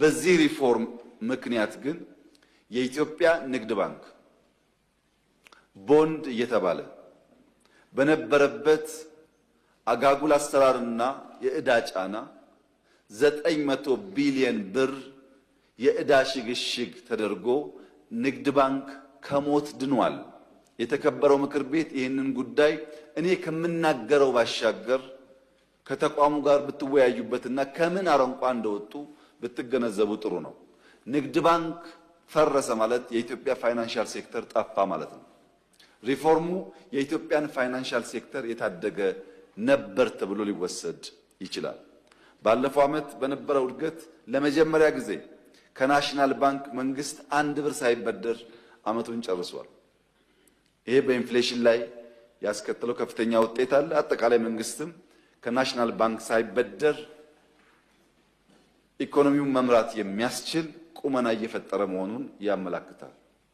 በዚህ ሪፎርም ምክንያት ግን የኢትዮጵያ ንግድ ባንክ ቦንድ እየተባለ በነበረበት አጋጉል አሰራርና የዕዳ ጫና ዘጠኝ መቶ ቢሊየን ብር የዕዳ ሽግሽግ ተደርጎ ንግድ ባንክ ከሞት ድኗል። የተከበረው ምክር ቤት ይህንን ጉዳይ እኔ ከምናገረው ባሻገር ከተቋሙ ጋር ብትወያዩበትና ከምን አረንቋ እንደወጡ ብትገነዘቡ ጥሩ ነው። ንግድ ባንክ ፈረሰ ማለት የኢትዮጵያ ፋይናንሻል ሴክተር ጠፋ ማለት ነው። ሪፎርሙ የኢትዮጵያን ፋይናንሻል ሴክተር የታደገ ነበር ተብሎ ሊወሰድ ይችላል። ባለፈው ዓመት በነበረው እድገት ለመጀመሪያ ጊዜ ከናሽናል ባንክ መንግስት አንድ ብር ሳይበደር ዓመቱን ጨርሷል። ይሄ በኢንፍሌሽን ላይ ያስከተለው ከፍተኛ ውጤት አለ። አጠቃላይ መንግስትም ከናሽናል ባንክ ሳይበደር ኢኮኖሚውን መምራት የሚያስችል ቁመና እየፈጠረ መሆኑን ያመላክታል።